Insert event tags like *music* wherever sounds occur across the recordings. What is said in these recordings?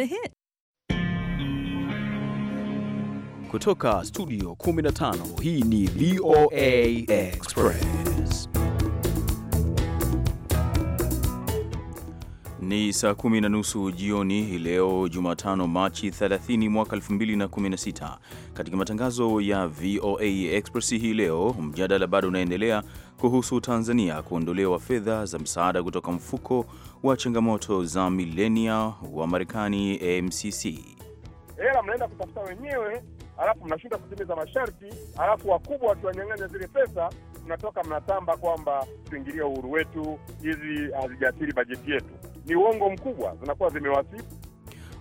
The Hit. Kutoka studio 15 hii ni VOA Express. Ni saa kumi na nusu jioni leo Jumatano, Machi 30 mwaka 2016. Katika matangazo ya VOA Express hii leo, mjadala bado unaendelea kuhusu Tanzania kuondolewa fedha za msaada kutoka mfuko wa changamoto za milenia wa Marekani, MCC. Hela mnaenda kutafuta wenyewe, alafu mnashinda kutimiza masharti, alafu wakubwa wakiwanyang'anya zile pesa, mnatoka mnatamba kwamba tuingilia uhuru wetu, hizi hazijaathiri bajeti yetu. Ni uongo mkubwa, zinakuwa zimewasifu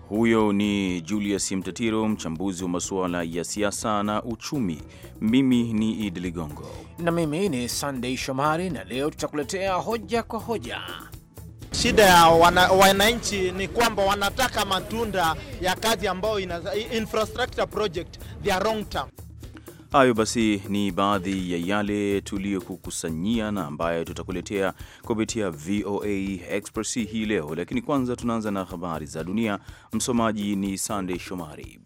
huyo ni Julius Mtatiro, mchambuzi wa masuala ya siasa na uchumi. Mimi ni Idi Ligongo na mimi ni Sandei Shomari, na leo tutakuletea hoja kwa hoja. Shida ya wana, wananchi ni kwamba wanataka matunda ya kazi ambayo ina infrastructure project the wrong term. Hayo basi ni baadhi ya yale tuliyokukusanyia na ambayo tutakuletea kupitia VOA Express hii leo, lakini kwanza tunaanza na habari za dunia. Msomaji ni Sandey Shomari.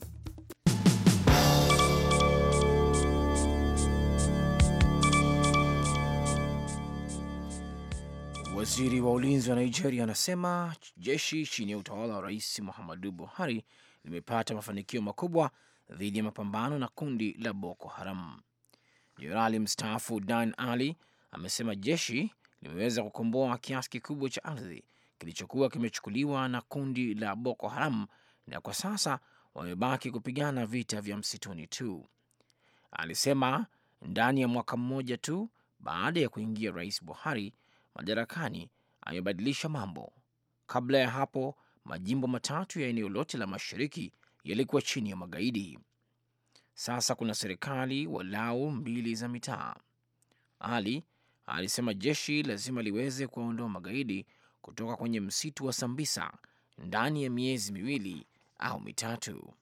Waziri wa ulinzi wa Nigeria anasema jeshi chini ya utawala wa Rais Muhammadu Buhari limepata mafanikio makubwa dhidi ya mapambano na kundi la Boko Haram. Jenerali mstaafu Dan Ali amesema jeshi limeweza kukomboa kiasi kikubwa cha ardhi kilichokuwa kimechukuliwa na kundi la Boko Haram na kwa sasa wamebaki kupigana vita vya msituni tu. Alisema ndani ya mwaka mmoja tu baada ya kuingia Rais Buhari madarakani amebadilisha mambo. Kabla ya hapo, majimbo matatu ya eneo lote la mashariki yalikuwa chini ya magaidi. Sasa kuna serikali walau mbili za mitaa. Ali alisema jeshi lazima liweze kuwaondoa magaidi kutoka kwenye msitu wa Sambisa ndani ya miezi miwili au mitatu.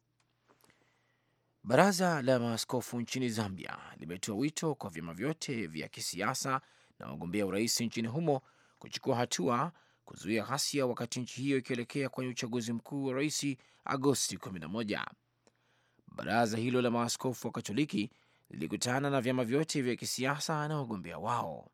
Baraza la maaskofu nchini Zambia limetoa wito kwa vyama vyote vya kisiasa na wagombea urais nchini humo kuchukua hatua kuzuia ghasia wakati nchi hiyo ikielekea kwenye uchaguzi mkuu wa rais Agosti 11. Baraza hilo la maaskofu wa Katoliki lilikutana na vyama vyote vya kisiasa na wagombea wao.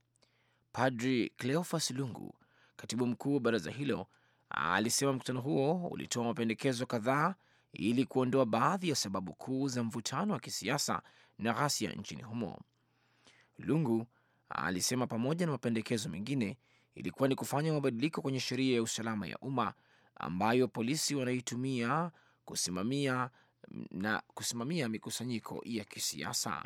Padri Cleofas Lungu, katibu mkuu wa baraza hilo, alisema mkutano huo ulitoa mapendekezo kadhaa ili kuondoa baadhi ya sababu kuu za mvutano wa kisiasa na ghasia nchini humo. Lungu alisema pamoja na mapendekezo mengine ilikuwa ni kufanya mabadiliko kwenye sheria ya usalama ya umma ambayo polisi wanaitumia kusimamia na kusimamia mikusanyiko ya kisiasa.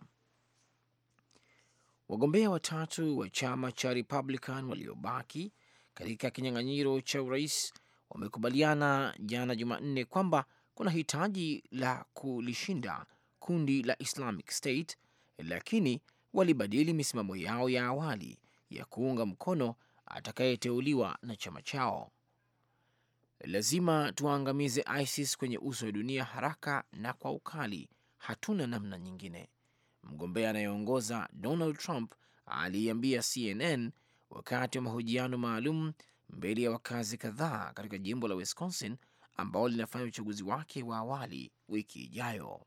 Wagombea watatu wa chama cha Republican waliobaki katika kinyang'anyiro cha urais wamekubaliana jana Jumanne kwamba kuna hitaji la kulishinda kundi la Islamic State, lakini walibadili misimamo yao ya awali ya kuunga mkono atakayeteuliwa na chama chao. Lazima tuwaangamize ISIS kwenye uso wa dunia haraka na kwa ukali, hatuna namna nyingine, mgombea anayeongoza Donald Trump aliiambia CNN wakati wa mahojiano maalum mbele ya wakazi kadhaa katika jimbo la Wisconsin ambao linafanya uchaguzi wake wa awali wiki ijayo.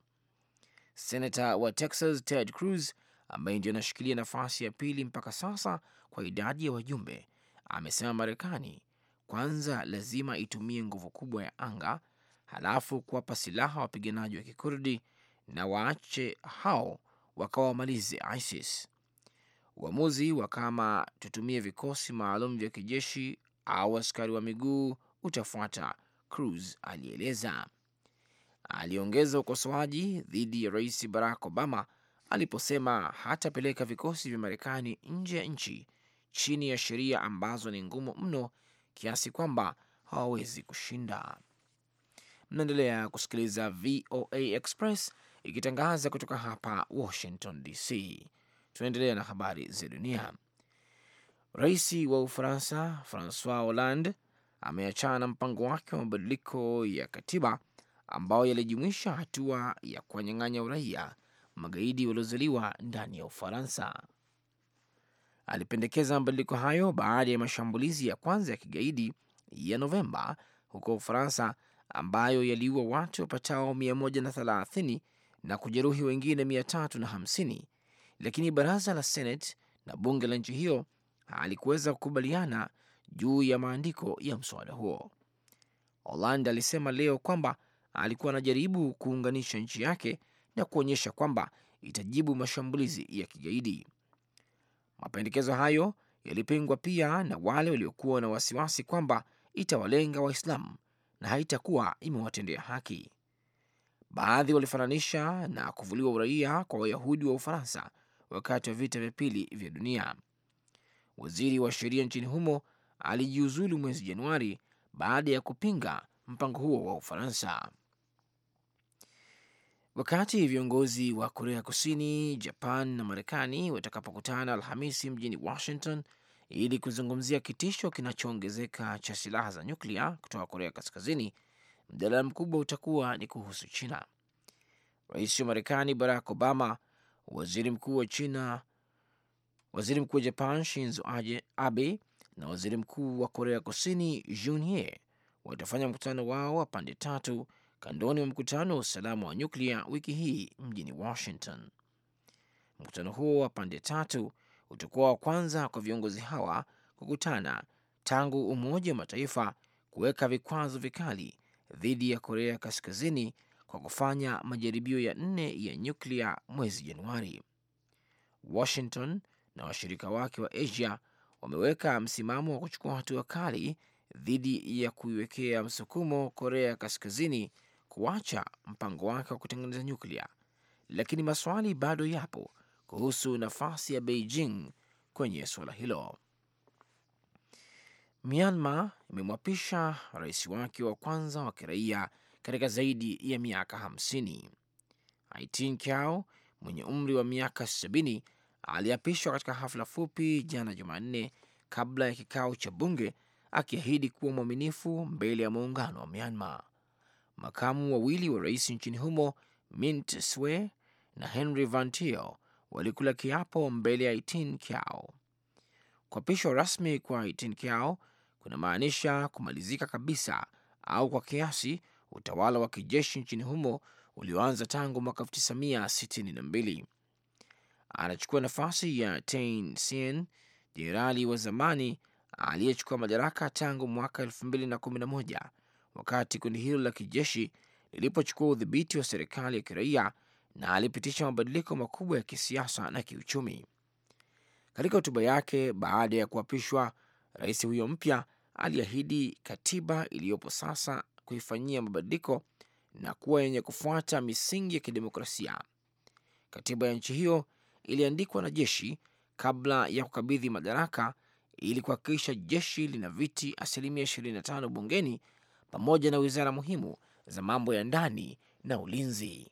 Senata wa Texas Ted Cruz ambaye ndio anashikilia nafasi ya pili mpaka sasa kwa idadi ya wajumbe, amesema Marekani kwanza lazima itumie nguvu kubwa ya anga, halafu kuwapa silaha wapiganaji wa Kikurdi na waache hao wakawamalize ISIS. Uamuzi wa kama tutumie vikosi maalum vya kijeshi au askari wa miguu utafuata, Cruz alieleza. Aliongeza ukosoaji dhidi ya Rais Barack Obama aliposema hatapeleka vikosi vya Marekani nje ya nchi chini ya sheria ambazo ni ngumu mno kiasi kwamba hawawezi kushinda. Mnaendelea kusikiliza VOA Express ikitangaza kutoka hapa Washington DC. Tunaendelea na habari za dunia. Rais wa Ufaransa Francois Hollande ameachana na mpango wake wa mabadiliko ya katiba ambayo yalijumuisha hatua ya kuwanyang'anya uraia magaidi waliozaliwa ndani ya Ufaransa. Alipendekeza mabadiliko hayo baada ya mashambulizi ya kwanza ya kigaidi ya Novemba huko Ufaransa ambayo yaliua watu wapatao 130 na kujeruhi wengine 350, lakini baraza la Senate na bunge la nchi hiyo halikuweza kukubaliana juu ya maandiko ya mswada huo. Holand alisema leo kwamba alikuwa anajaribu kuunganisha nchi yake na kuonyesha kwamba itajibu mashambulizi ya kigaidi. Mapendekezo hayo yalipingwa pia na wale waliokuwa na wasiwasi kwamba itawalenga Waislamu na haitakuwa imewatendea haki. Baadhi walifananisha na kuvuliwa uraia kwa Wayahudi wa Ufaransa wakati wa vita vya pili vya dunia. Waziri wa sheria nchini humo alijiuzulu mwezi Januari baada ya kupinga mpango huo wa Ufaransa. Wakati viongozi wa Korea Kusini, Japan na Marekani watakapokutana Alhamisi mjini Washington ili kuzungumzia kitisho kinachoongezeka cha silaha za nyuklia kutoka Korea Kaskazini, mjadala mkubwa utakuwa ni kuhusu China. Rais wa Marekani Barack Obama, waziri mkuu wa China, waziri mkuu wa Japan Shinzo Abe na waziri mkuu wa Korea Kusini Jun watafanya mkutano wao wa pande tatu kandoni wa mkutano wa usalama wa nyuklia wiki hii mjini Washington. Mkutano huo wa pande tatu utakuwa wa kwanza kwa viongozi hawa kukutana tangu Umoja wa Mataifa kuweka vikwazo vikali dhidi ya Korea Kaskazini kwa kufanya majaribio ya nne ya nyuklia mwezi Januari. Washington na washirika wake wa Asia wameweka msimamo wa kuchukua hatua kali dhidi ya kuiwekea msukumo Korea Kaskazini kuacha mpango wake wa kutengeneza nyuklia, lakini maswali bado yapo kuhusu nafasi ya Beijing kwenye suala hilo. Myanmar imemwapisha rais wake wa kwanza wa kiraia katika zaidi ya miaka hamsini. Aitin Kyau mwenye umri wa miaka sabini aliapishwa katika hafla fupi jana Jumanne kabla ya kikao cha bunge akiahidi kuwa mwaminifu mbele ya muungano wa Myanmar makamu wawili wa rais nchini humo Mint Swe na Henry Vantio walikula kiapo mbele ya Itin Kiao. Kuapishwa rasmi kwa Itin Kiao kunamaanisha kumalizika kabisa au kwa kiasi utawala wa kijeshi nchini humo ulioanza tangu mwaka 1962. Anachukua nafasi ya tain sien jenerali wa zamani aliyechukua madaraka tangu mwaka 2011 wakati kundi hilo la kijeshi lilipochukua udhibiti wa serikali ya kiraia na alipitisha mabadiliko makubwa ya kisiasa na kiuchumi. Katika hotuba yake baada ya kuapishwa, rais huyo mpya aliahidi katiba iliyopo sasa kuifanyia mabadiliko na kuwa yenye kufuata misingi ya kidemokrasia. Katiba ya nchi hiyo iliandikwa na jeshi kabla ya kukabidhi madaraka ili kuhakikisha jeshi lina viti asilimia 25 bungeni pamoja na wizara muhimu za mambo ya ndani na ulinzi.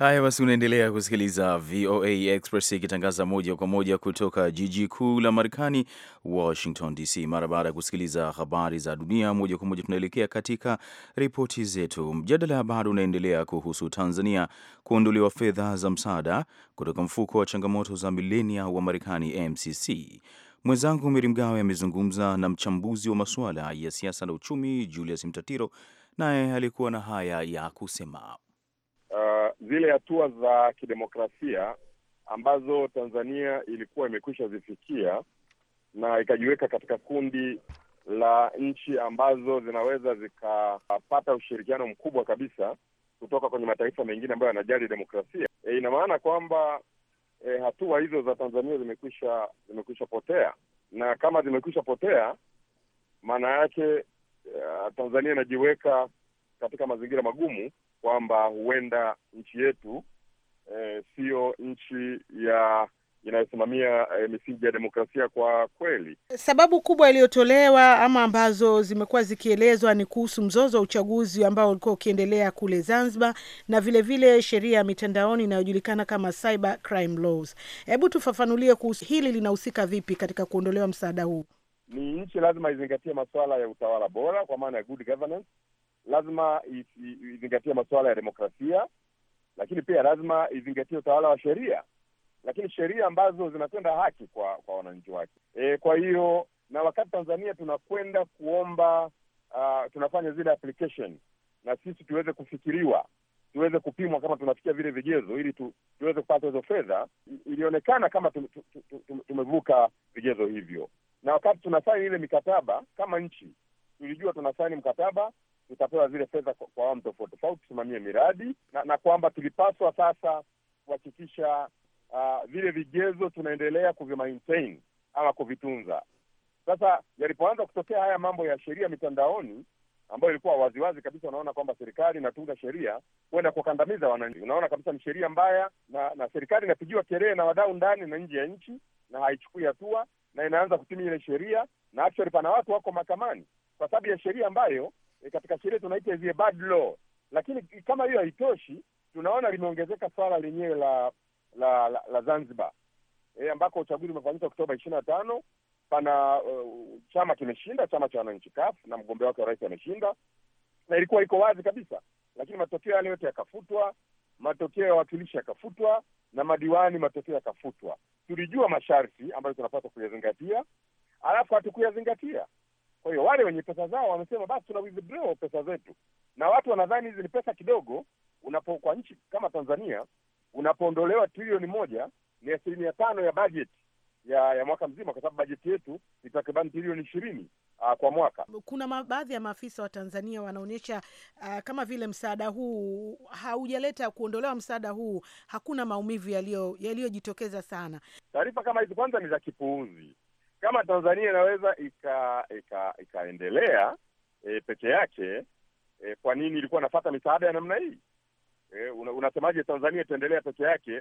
Haya basi, unaendelea kusikiliza VOA Express ikitangaza moja kwa moja kutoka jiji kuu la Marekani, Washington DC. Mara baada ya kusikiliza habari za dunia moja kwa moja, tunaelekea katika ripoti zetu. Mjadala bado unaendelea kuhusu Tanzania kuondolewa fedha za msaada kutoka mfuko wa changamoto za milenia wa Marekani, MCC. Mwenzangu Meri Mgawe amezungumza na mchambuzi wa masuala ya siasa na uchumi Julius Mtatiro, naye alikuwa na haya ya kusema uh, zile hatua za kidemokrasia ambazo Tanzania ilikuwa imekwisha zifikia na ikajiweka katika kundi la nchi ambazo zinaweza zikapata ushirikiano mkubwa kabisa kutoka kwenye mataifa mengine ambayo yanajali demokrasia. E, ina maana kwamba e, hatua hizo za Tanzania zimekwisha zimekwisha potea, na kama zimekwisha potea, maana yake eh, Tanzania inajiweka katika mazingira magumu kwamba huenda nchi yetu eh, siyo e, nchi ya inayosimamia e, misingi ya demokrasia kwa kweli. Sababu kubwa iliyotolewa ama ambazo zimekuwa zikielezwa ni kuhusu mzozo wa uchaguzi ambao ulikuwa ukiendelea kule Zanzibar na vilevile sheria ya mitandaoni inayojulikana kama cyber crime laws. Hebu tufafanulie kuhusu hili, linahusika vipi katika kuondolewa msaada huu? Ni nchi lazima izingatie masuala ya utawala bora, kwa maana ya good governance, lazima izingatie masuala ya demokrasia, lakini pia lazima izingatie utawala wa sheria, lakini sheria ambazo zinatenda haki kwa kwa wananchi wake. E, kwa hiyo na wakati Tanzania tunakwenda kuomba uh, tunafanya zile application na sisi tuweze kufikiriwa tuweze kupimwa kama tunafikia vile vigezo ili tu, tuweze kupata hizo fedha. Ilionekana kama tum, tum, tum, tum, tumevuka vigezo hivyo, na wakati tunasaini ile mikataba kama nchi tulijua tunasaini mkataba tutapewa zile fedha kwa awamu tofauti tofauti, tusimamie miradi na, na kwamba tulipaswa sasa kuhakikisha uh, vile vigezo tunaendelea kuvimaintain ama kuvitunza. Sasa yalipoanza kutokea haya mambo ya sheria mitandaoni ambayo ilikuwa waziwazi kabisa, unaona kwamba serikali inatunga sheria kwenda kuwakandamiza wananchi, unaona kabisa ni sheria mbaya, na na serikali inapigiwa kelele na wadau ndani na nje ya nchi, na haichukui hatua na inaanza kutumia ile sheria, na actually pana watu wako mahakamani kwa sababu ya sheria ambayo e, katika sheria tunaita hivi bad law. Lakini kama hiyo haitoshi, tunaona limeongezeka swala lenyewe la la, la, la Zanzibar e, ambako uchaguzi umefanyika Oktoba ishirini na tano pana uh, chama kimeshinda, chama cha wananchi CUF na mgombea wake wa rais ameshinda, na ilikuwa iko wazi kabisa, lakini matokeo yale yote yakafutwa, matokeo ya wawakilishi yakafutwa na madiwani, matokeo yakafutwa. Tulijua masharti ambayo tunapaswa kuyazingatia, alafu hatukuyazingatia. Kwa hiyo wale wenye pesa zao wamesema basi tuna withdraw pesa zetu, na watu wanadhani hizi ni pesa kidogo. Unapo kwa nchi kama Tanzania unapoondolewa trilioni moja ni asilimia tano ya bajeti ya ya mwaka mzima, kwa sababu bajeti yetu ni takriban trilioni ishirini ah, kwa mwaka. Kuna baadhi ya maafisa wa Tanzania wanaonyesha uh, kama vile msaada huu haujaleta kuondolewa, msaada huu hakuna maumivu yaliyojitokeza sana. Taarifa kama hizi kwanza ni za kipuuzi kama Tanzania inaweza ikaendelea e, peke yake e, kwa nini ilikuwa nafata misaada ya namna hii? E, una, unasemaje Tanzania itaendelea peke yake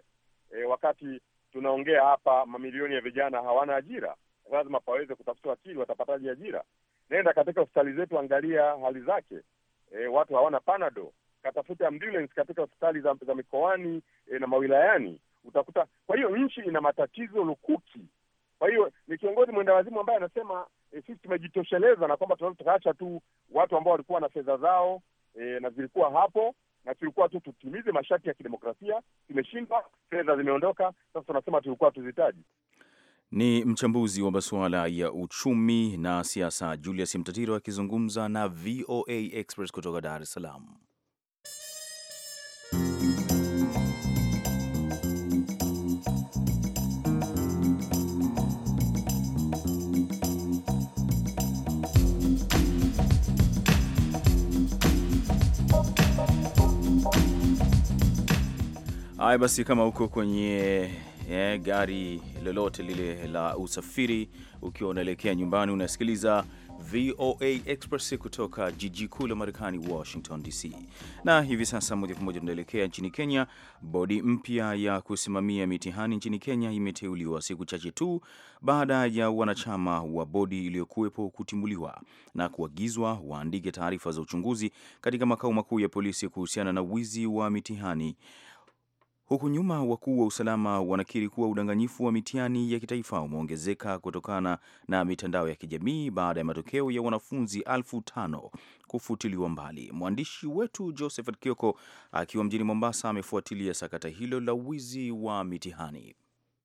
e, wakati tunaongea hapa mamilioni ya vijana hawana ajira? Lazima paweze kutafuta akili, watapataje ajira? Nenda katika hospitali zetu, angalia hali zake. E, watu hawana panado, katafuta ambulance katika hospitali za, za mikoani e, na mawilayani utakuta. Kwa hiyo nchi ina matatizo lukuki kwa hiyo ni kiongozi mwenda wazimu ambaye anasema e, sisi tumejitosheleza na kwamba tunaweza tukaacha tu watu ambao walikuwa na fedha zao e, na zilikuwa hapo na tulikuwa tu tutimize masharti ya kidemokrasia. Tumeshindwa, fedha zimeondoka, sasa tunasema tulikuwa tuzitaji. Ni mchambuzi wa masuala ya uchumi na siasa Julius Mtatiro akizungumza na VOA Express kutoka Dar es Salaam. Haya basi, kama uko kwenye eh, gari lolote lile la usafiri, ukiwa unaelekea nyumbani, unasikiliza VOA Express kutoka jiji kuu la Marekani, Washington DC. Na hivi sasa moja kwa moja tunaelekea nchini Kenya. Bodi mpya ya kusimamia mitihani nchini Kenya imeteuliwa siku chache tu baada ya wanachama wa bodi iliyokuwepo kutimuliwa na kuagizwa waandike taarifa za uchunguzi katika makao makuu ya polisi kuhusiana na wizi wa mitihani Huku nyuma wakuu wa usalama wanakiri kuwa udanganyifu wa mitihani ya kitaifa umeongezeka kutokana na mitandao ya kijamii baada ya matokeo ya wanafunzi elfu tano kufutiliwa mbali. Mwandishi wetu Josephat Kioko akiwa mjini Mombasa amefuatilia sakata hilo la wizi wa mitihani.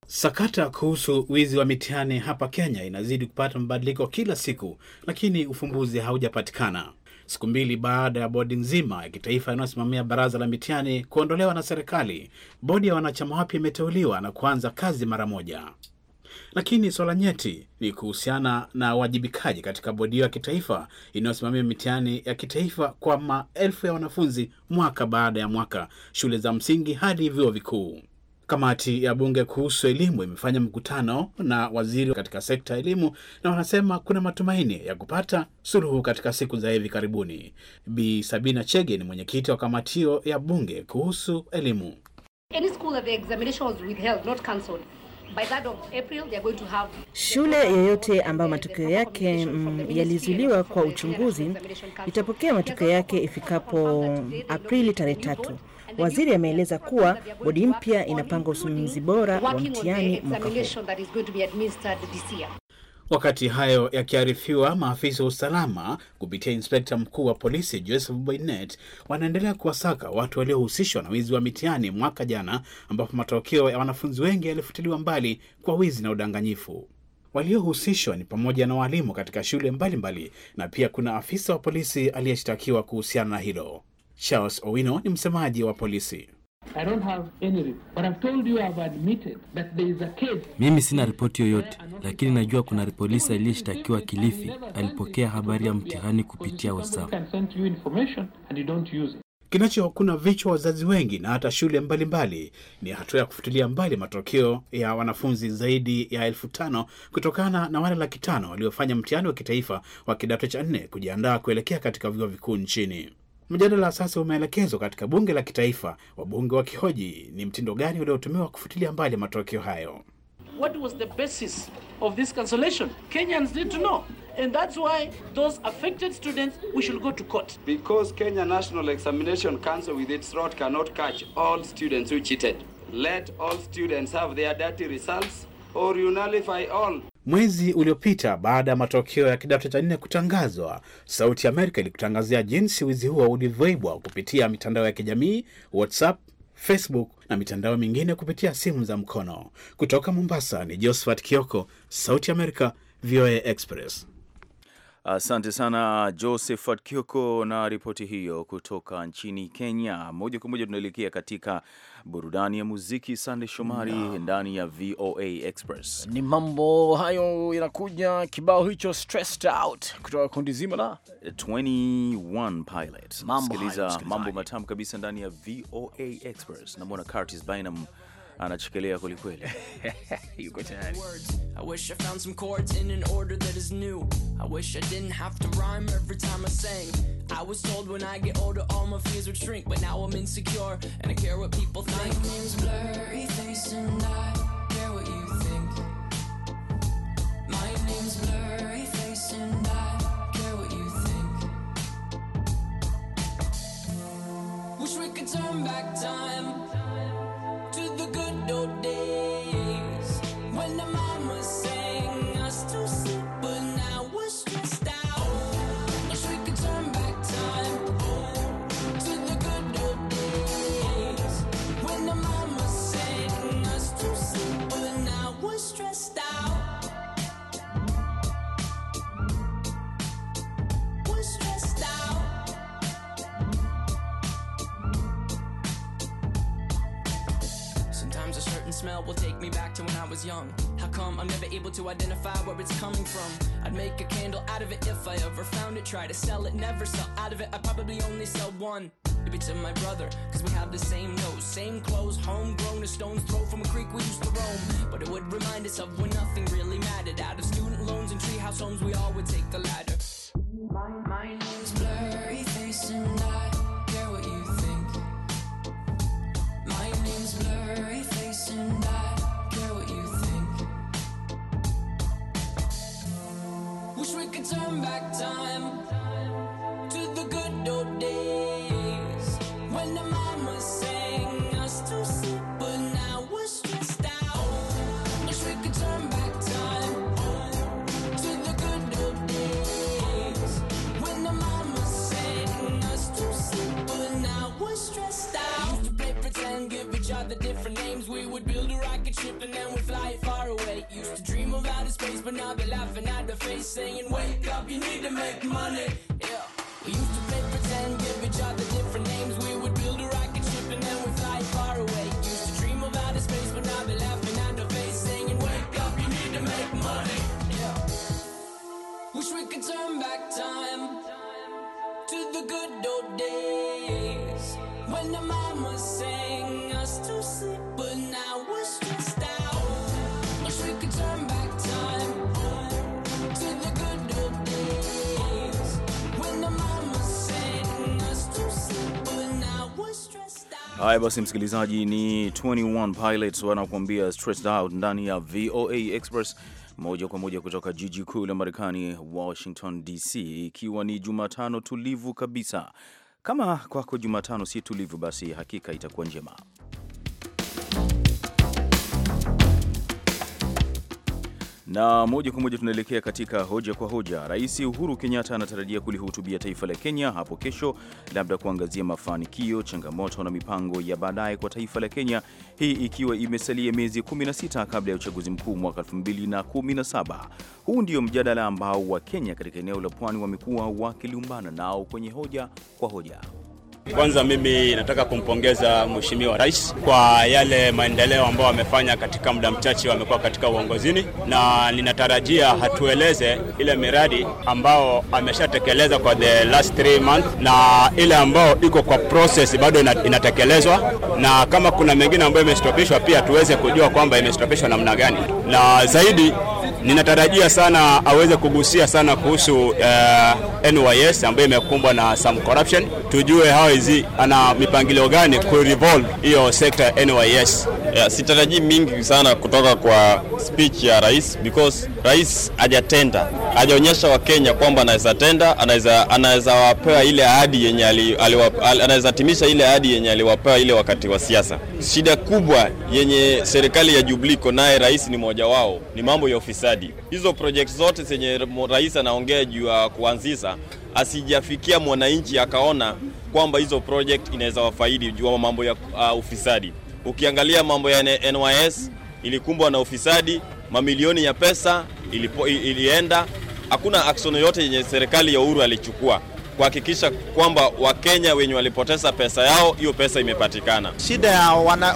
Sakata kuhusu wizi wa mitihani hapa Kenya inazidi kupata mabadiliko kila siku, lakini ufumbuzi haujapatikana siku mbili baada ya bodi nzima ya kitaifa inayosimamia baraza la mitihani kuondolewa na serikali, bodi ya wanachama wapya imeteuliwa na kuanza kazi mara moja. Lakini swala nyeti ni kuhusiana na uwajibikaji katika bodi hiyo ya kitaifa inayosimamia mitihani ya kitaifa kwa maelfu ya wanafunzi mwaka baada ya mwaka, shule za msingi hadi vyuo vikuu. Kamati ya bunge kuhusu elimu imefanya mkutano na waziri katika sekta ya elimu na wanasema kuna matumaini ya kupata suluhu katika siku za hivi karibuni. Bi Sabina Chege ni mwenyekiti wa kamati hiyo ya bunge kuhusu elimu. shule yoyote ambayo matokeo yake mm, yalizuliwa kwa uchunguzi itapokea matokeo yake ifikapo Aprili tarehe tatu. Waziri ameeleza kuwa bodi mpya inapanga usimamizi bora wa mtihani mwaka huu. Wakati hayo yakiarifiwa, maafisa wa usalama kupitia inspekta mkuu wa polisi Joseph Boynet wanaendelea kuwasaka watu waliohusishwa na wizi wa mitihani mwaka jana, ambapo matokeo ya wanafunzi wengi yalifutiliwa mbali kwa wizi na udanganyifu. Waliohusishwa ni pamoja na walimu katika shule mbalimbali mbali, na pia kuna afisa wa polisi aliyeshtakiwa kuhusiana na hilo. Charles Owino ni msemaji wa polisi. I don't have any, but I've told you I've admitted that there is a case. Mimi sina ripoti yoyote, lakini najua kuna polisi aliyeshtakiwa Kilifi alipokea habari ya mtihani kupitia WhatsApp. Kinacho kuna vichwa wazazi wengi na hata shule mbalimbali mbali, ni hatua ya kufutilia mbali matokeo ya wanafunzi zaidi ya elfu tano kutokana na wale laki tano waliofanya mtihani wa kitaifa wa kidato cha nne kujiandaa kuelekea katika vyuo vikuu nchini. Mjadala sasa umeelekezwa katika bunge la kitaifa, wabunge wakihoji ni mtindo gani uliotumiwa kufutilia mbali matokeo hayo. What was the basis of this cancellation? Kenyans need to know. And that's why those affected students, we should go to court. Because Kenya National Examination Council with its rod cannot catch all students who cheated. Let all students have their dirty results or you nullify all Mwezi uliopita baada ya matokeo ya kidato cha nne kutangazwa, Sauti Amerika ilikutangazia jinsi wizi huo ulivyoibwa kupitia mitandao ya kijamii WhatsApp, Facebook na mitandao mingine kupitia simu za mkono. Kutoka Mombasa ni Josephat Kioko, Sauti Amerika, VOA Express. Asante sana Josephat Kioko na ripoti hiyo kutoka nchini Kenya. Moja kwa moja tunaelekea katika burudani ya muziki. Sande Shomari no. ndani ya VOA Express ni mambo hayo yanakuja. Kibao hicho stressed out kutoka kundi zima la 21 Pilots. Sikiliza mambo matamu kabisa ndani ya VOA Express. Namwona Curtis Bynum anachikilia kwelikweli. *laughs* Yuko tayari. I wish I found some chords in an order that is new. I wish I didn't have to rhyme every time I sang. I was told when I get older all my fears would shrink, but now I'm insecure and I care what people think. My name's blurry face and I care what you think. My name's blurry face and I care what you think. Wish we could turn back time window days when the mama sang us to sleep. will take me back to when I was young. How come I'm never able to identify where it's coming from? I'd make a candle out of it if I ever found it. Try to sell it, never sell out of it. I probably only sell one. Maybe to my brother, cause we have the same nose, same clothes, homegrown, a stone's throw from a creek we used to roam. But it would remind us of when nothing really mattered. Out of student loans and treehouse homes, we all would take the ladder. turn back time to the good old days when the mama sang us to sleep, but now we're stressed out. Wish we could turn back time to the good old days when the mama sang us to sleep, but now we're stressed out. used to play pretend, give each other different names. We would build a rocket ship and then we'd fly it far away. Used to dream of outer space, but now they're laughing the face saying, Wake up, you need to make money. Yeah. We used to play pretend, give each other different names. We would build a rocket ship and then we'd fly far away. Used to dream of outer space, but now they're laughing at the face saying, Wake up, you need to make money. Yeah. Wish we could turn back time to the good old days when the mama said. Haya basi, msikilizaji, ni 21 Pilots wanakuambia stressed out ndani ya VOA Express moja kwa moja kutoka jiji kuu la Marekani, Washington DC, ikiwa ni Jumatano tulivu kabisa. Kama kwako Jumatano si tulivu, basi hakika itakuwa njema. Na moja kwa moja tunaelekea katika hoja kwa hoja. Rais Uhuru Kenyatta anatarajia kulihutubia taifa la Kenya hapo kesho, labda kuangazia mafanikio, changamoto na mipango ya baadaye kwa taifa la Kenya, hii ikiwa imesalia miezi 16 kabla ya uchaguzi mkuu mwaka 2017. Huu ndio mjadala ambao Wakenya katika eneo la pwani wamekuwa wakilumbana nao kwenye hoja kwa hoja. Kwanza mimi nataka kumpongeza Mheshimiwa Rais kwa yale maendeleo ambayo amefanya katika muda mchache amekuwa katika uongozini, na ninatarajia hatueleze ile miradi ambao ameshatekeleza kwa the last three months na ile ambayo iko kwa process bado inatekelezwa, na kama kuna mengine ambayo imestopishwa pia tuweze kujua kwamba imestopishwa namna gani, na zaidi ninatarajia sana aweze kugusia sana kuhusu uh, eh, NYS ambayo imekumbwa na some corruption. Tujue how is he ana mipangilio gani ku revolve hiyo sekta NYS. Yeah, sitarajii mingi sana kutoka kwa speech ya rais because rais hajatenda, hajaonyesha Wakenya kwamba anaweza tenda, anaweza wapewa ile ahadi yenye anaweza timisha ile ahadi yenye aliwapewa ile wakati wa siasa. Shida kubwa yenye serikali ya Jubilee iko naye, rais ni mmoja wao, ni mambo ya ufisadi. Hizo project zote zenye rais anaongea juu ya kuanzisha asijafikia mwananchi akaona kwamba hizo project inaweza wafaidi juu mambo ya uh, ufisadi. Ukiangalia mambo ya NYS ilikumbwa na ufisadi, mamilioni ya pesa ilipo, ilienda. Hakuna action yoyote yenye serikali ya Uhuru alichukua kuhakikisha kwamba Wakenya wenye walipoteza pesa yao, hiyo pesa imepatikana. Shida ya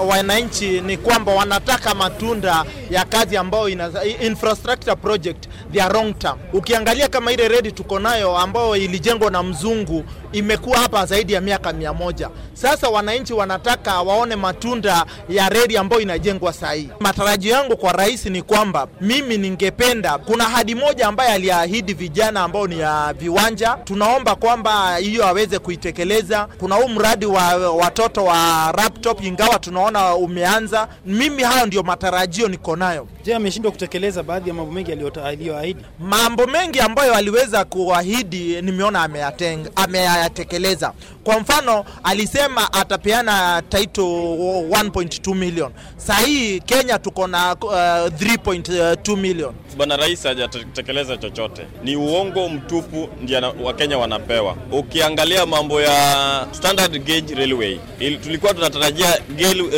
wananchi ni kwamba wanataka matunda ya kazi ambayo ina infrastructure project ya long term. Ukiangalia kama ile redi tuko nayo ambayo ilijengwa na mzungu imekuwa hapa zaidi ya miaka mia moja. Sasa wananchi wanataka waone matunda ya reli ambayo inajengwa sahii Matarajio yangu kwa rais ni kwamba mimi ningependa, kuna hadi moja ambaye aliahidi vijana ambao ni ya viwanja, tunaomba kwa kwamba hiyo aweze kuitekeleza. Kuna huu mradi wa watoto wa laptop, ingawa tunaona umeanza. Mimi hayo ndio matarajio niko nayo. Je, ameshindwa kutekeleza baadhi ya mambo mengi aliyoahidi? Mambo mengi ambayo aliweza kuahidi nimeona ameyatekeleza. Kwa mfano, alisema atapeana title 1.2 million. Sasa hii Kenya tuko na uh, 3.2 million. Bwana Rais hajatekeleza chochote, ni uongo mtupu ndio Wakenya wanapewa. Ukiangalia mambo ya standard gauge railway, tulikuwa tunatarajia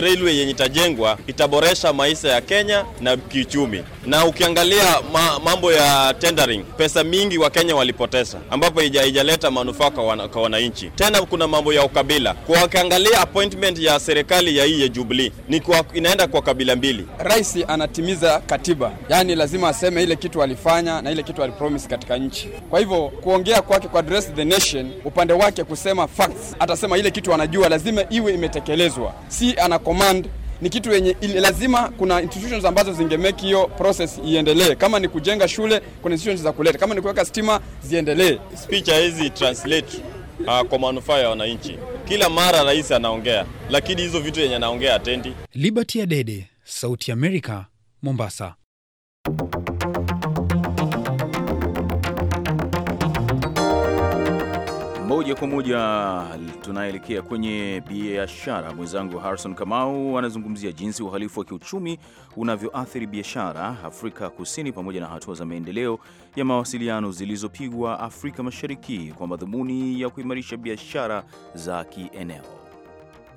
railway yenye itajengwa itaboresha maisha ya Kenya na kiuchumi. Na ukiangalia ma, mambo ya tendering, pesa mingi Wakenya walipoteza, ambapo haijaleta manufaa kwa, wana, kwa wananchi. Tena kuna mambo ya ukabila, kwa ukiangalia appointment ya serikali ya hii ya jubli ni kwa, inaenda kwa kabila mbili. Rais anatimiza katiba, yani lazima aseme ile kitu alifanya na ile kitu alipromise katika nchi. Kwa hivyo kuongea kwake kwa address the nation, upande wake kusema facts, atasema ile kitu anajua lazima iwe imetekelezwa, si ana command ni kitu yenye lazima, kuna institutions ambazo zingemeki hiyo process iendelee. Kama ni kujenga shule, kuna institutions za kuleta, kama ni kuweka stima ziendelee. Speech hizi translate uh, kwa manufaa ya wananchi. Kila mara rais anaongea, lakini hizo vitu yenye anaongea atendi. Liberty Adede, Sauti ya Mombasa. Moja kwa moja tunaelekea kwenye biashara. Mwenzangu Harrison Kamau anazungumzia jinsi uhalifu wa kiuchumi unavyoathiri biashara Afrika Kusini, pamoja na hatua za maendeleo ya mawasiliano zilizopigwa Afrika Mashariki kwa madhumuni ya kuimarisha biashara za kieneo.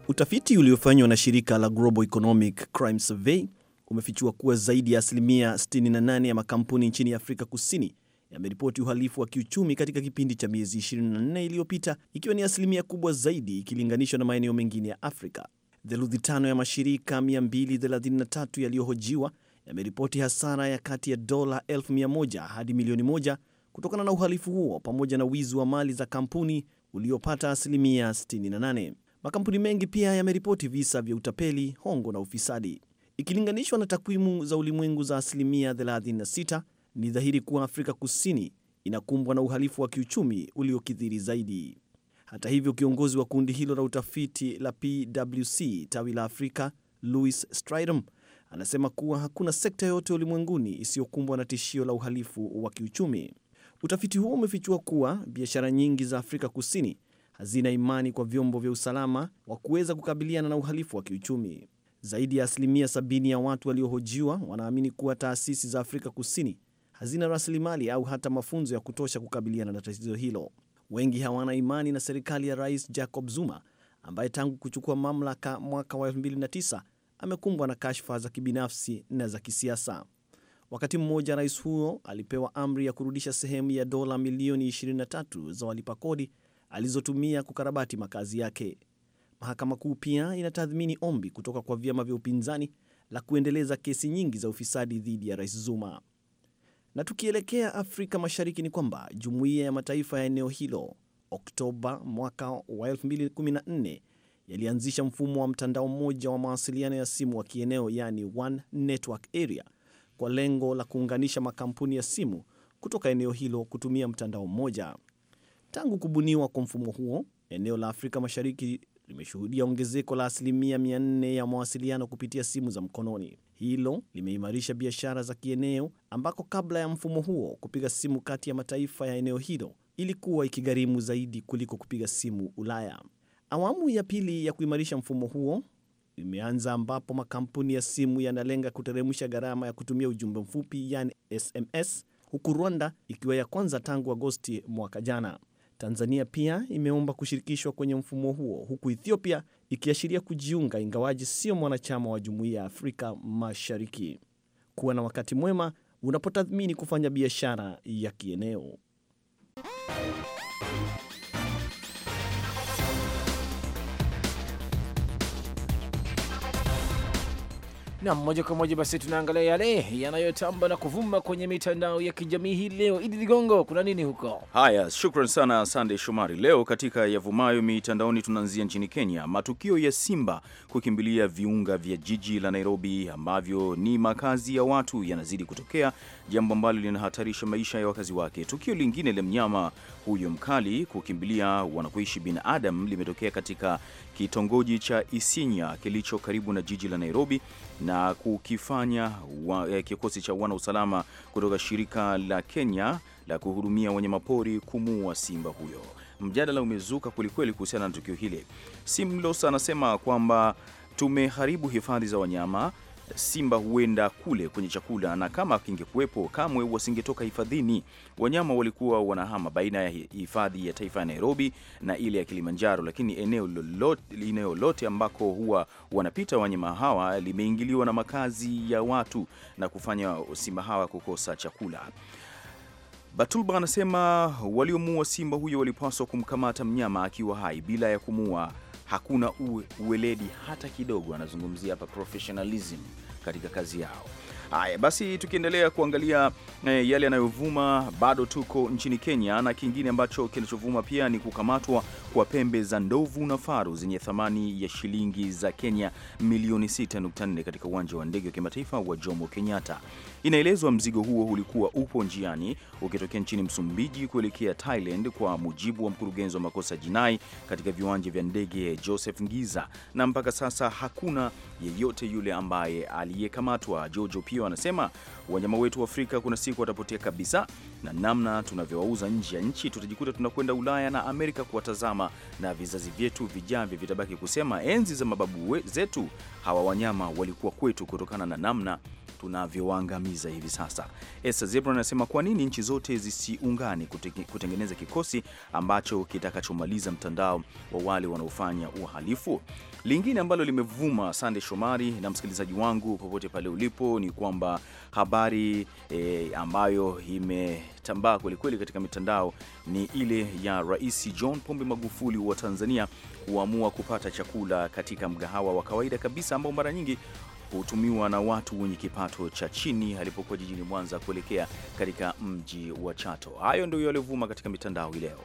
Utafiti uliofanywa na shirika la Global Economic Crime Survey umefichua kuwa zaidi ya asilimia 68 ya makampuni nchini Afrika Kusini yameripoti uhalifu wa kiuchumi katika kipindi cha miezi 24 iliyopita, ikiwa ni asilimia kubwa zaidi ikilinganishwa na maeneo mengine ya Afrika. Theluthi tano ya mashirika 233 yaliyohojiwa yameripoti hasara ya kati ya dola 1100 hadi milioni moja kutokana na uhalifu huo pamoja na wizi wa mali za kampuni uliopata asilimia 68. Makampuni mengi pia yameripoti visa vya utapeli, hongo na ufisadi. Ikilinganishwa na takwimu za ulimwengu za asilimia 36, ni dhahiri kuwa Afrika Kusini inakumbwa na uhalifu wa kiuchumi uliokithiri zaidi. Hata hivyo, kiongozi wa kundi hilo la utafiti la PwC tawi la Afrika, Louis Stridom, anasema kuwa hakuna sekta yoyote ulimwenguni isiyokumbwa na tishio la uhalifu wa kiuchumi. Utafiti huo umefichua kuwa biashara nyingi za Afrika Kusini hazina imani kwa vyombo vya usalama wa kuweza kukabiliana na uhalifu wa kiuchumi. Zaidi ya asilimia sabini ya watu waliohojiwa wanaamini kuwa taasisi za Afrika Kusini hazina rasilimali au hata mafunzo ya kutosha kukabiliana na tatizo hilo. Wengi hawana imani na serikali ya Rais Jacob Zuma ambaye tangu kuchukua mamlaka mwaka wa 2009 amekumbwa na kashfa za kibinafsi na za kisiasa. Wakati mmoja rais huyo alipewa amri ya kurudisha sehemu ya dola milioni 23 za walipa kodi alizotumia kukarabati makazi yake. Mahakama Kuu pia inatathmini ombi kutoka kwa vyama vya upinzani la kuendeleza kesi nyingi za ufisadi dhidi ya rais Zuma. Na tukielekea Afrika Mashariki ni kwamba jumuiya ya mataifa ya eneo hilo Oktoba mwaka wa 2014 yalianzisha mfumo wa mtandao mmoja wa mawasiliano ya simu wa kieneo, yani One Network Area, kwa lengo la kuunganisha makampuni ya simu kutoka eneo hilo kutumia mtandao mmoja. Tangu kubuniwa kwa mfumo huo, eneo la Afrika Mashariki limeshuhudia ongezeko la asilimia 400 ya mawasiliano kupitia simu za mkononi. Hilo limeimarisha biashara za kieneo ambako kabla ya mfumo huo kupiga simu kati ya mataifa ya eneo hilo ilikuwa ikigharimu zaidi kuliko kupiga simu Ulaya. Awamu ya pili ya kuimarisha mfumo huo imeanza ambapo makampuni ya simu yanalenga kuteremsha gharama ya kutumia ujumbe mfupi, yani SMS, huku Rwanda ikiwa ya kwanza tangu Agosti mwaka jana. Tanzania pia imeomba kushirikishwa kwenye mfumo huo huku Ethiopia ikiashiria kujiunga, ingawaji sio mwanachama wa jumuiya ya Afrika Mashariki. Kuwa na wakati mwema unapotathmini kufanya biashara ya kieneo. na moja kwa moja basi tunaangalia yale yanayotamba na kuvuma kwenye mitandao ya kijamii hii leo. Idi Ligongo, kuna nini huko? Haya, shukran sana Sande Shomari. Leo katika yavumayo mitandaoni tunaanzia nchini Kenya, matukio ya simba kukimbilia viunga vya jiji la Nairobi ambavyo ni makazi ya watu yanazidi kutokea jambo ambalo linahatarisha maisha ya wakazi wake. Tukio lingine la mnyama huyo mkali kukimbilia wanakoishi binadamu limetokea katika kitongoji cha Isinya kilicho karibu na jiji la Nairobi na kukifanya wa, eh, kikosi cha wanausalama kutoka shirika la Kenya la kuhudumia wanyamapori kumuua simba huyo. Mjadala umezuka kwelikweli kuhusiana na tukio hili. Simlos anasema kwamba tumeharibu hifadhi za wanyama simba huenda kule kwenye chakula, na kama kingekuwepo kamwe wasingetoka hifadhini. Wanyama walikuwa wanahama baina ya hifadhi ya taifa ya Nairobi na ile ya Kilimanjaro, lakini eneo lolote, eneo lote ambako huwa wanapita wanyama hawa limeingiliwa na makazi ya watu na kufanya simba hawa kukosa chakula. Batulba anasema waliomuua simba huyo walipaswa kumkamata mnyama akiwa hai bila ya kumuua hakuna uwe, uweledi hata kidogo. Anazungumzia hapa professionalism katika kazi yao. Haya basi, tukiendelea kuangalia e, yale yanayovuma, bado tuko nchini Kenya, na kingine ambacho kinachovuma pia ni kukamatwa kwa pembe za ndovu na faru zenye thamani ya shilingi za Kenya milioni 6.4 katika uwanja wa ndege wa kimataifa wa Jomo Kenyatta. Inaelezwa mzigo huo ulikuwa upo njiani ukitokea nchini Msumbiji kuelekea Thailand, kwa mujibu wa mkurugenzi wa makosa jinai katika viwanja vya ndege Joseph Ngiza, na mpaka sasa hakuna yeyote yule ambaye aliyekamatwa. Jojo pia anasema wanyama wetu wa Afrika kuna siku watapotea kabisa, na namna tunavyowauza nje ya nchi tutajikuta tunakwenda Ulaya na Amerika kuwatazama wanyama, na vizazi vyetu vijavyo vitabaki kusema enzi za mababu zetu hawa wanyama walikuwa kwetu, kutokana na namna tunavyoangamiza hivi sasa. Esa Zebra anasema kwa nini nchi zote zisiungane kutengeneza kikosi ambacho kitakachomaliza mtandao wa wale wanaofanya uhalifu. Lingine ambalo limevuma Sande Shomari na msikilizaji wangu popote pale ulipo ni kwamba habari e, ambayo imetambaa kwelikweli katika mitandao ni ile ya Rais John Pombe Magufuli wa Tanzania kuamua kupata chakula katika mgahawa wa kawaida kabisa ambao mara nyingi hutumiwa na watu wenye kipato cha chini alipokuwa jijini Mwanza kuelekea katika mji wa Chato. Hayo ndio yaliyovuma katika mitandao hii leo.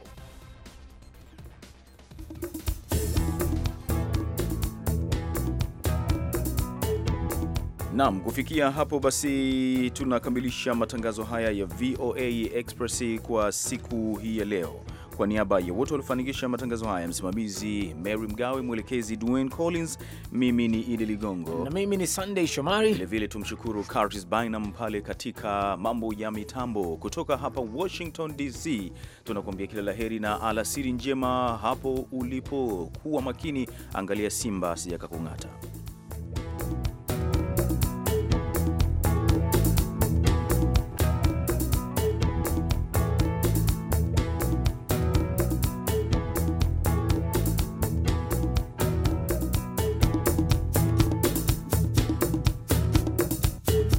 Naam, kufikia hapo basi tunakamilisha matangazo haya ya VOA Express kwa siku hii ya leo. Kwa niaba ya wote waliofanikisha matangazo haya, msimamizi Mary Mgawe, mwelekezi Dwayne Collins, mimi ni Idi Ligongo na mimi ni Sunday Shomari. Vilevile tumshukuru Curtis Bynum pale katika mambo ya mitambo. Kutoka hapa Washington DC tunakuambia kila laheri na alasiri njema hapo ulipo. Kuwa makini, angalia simba sijakakung'ata.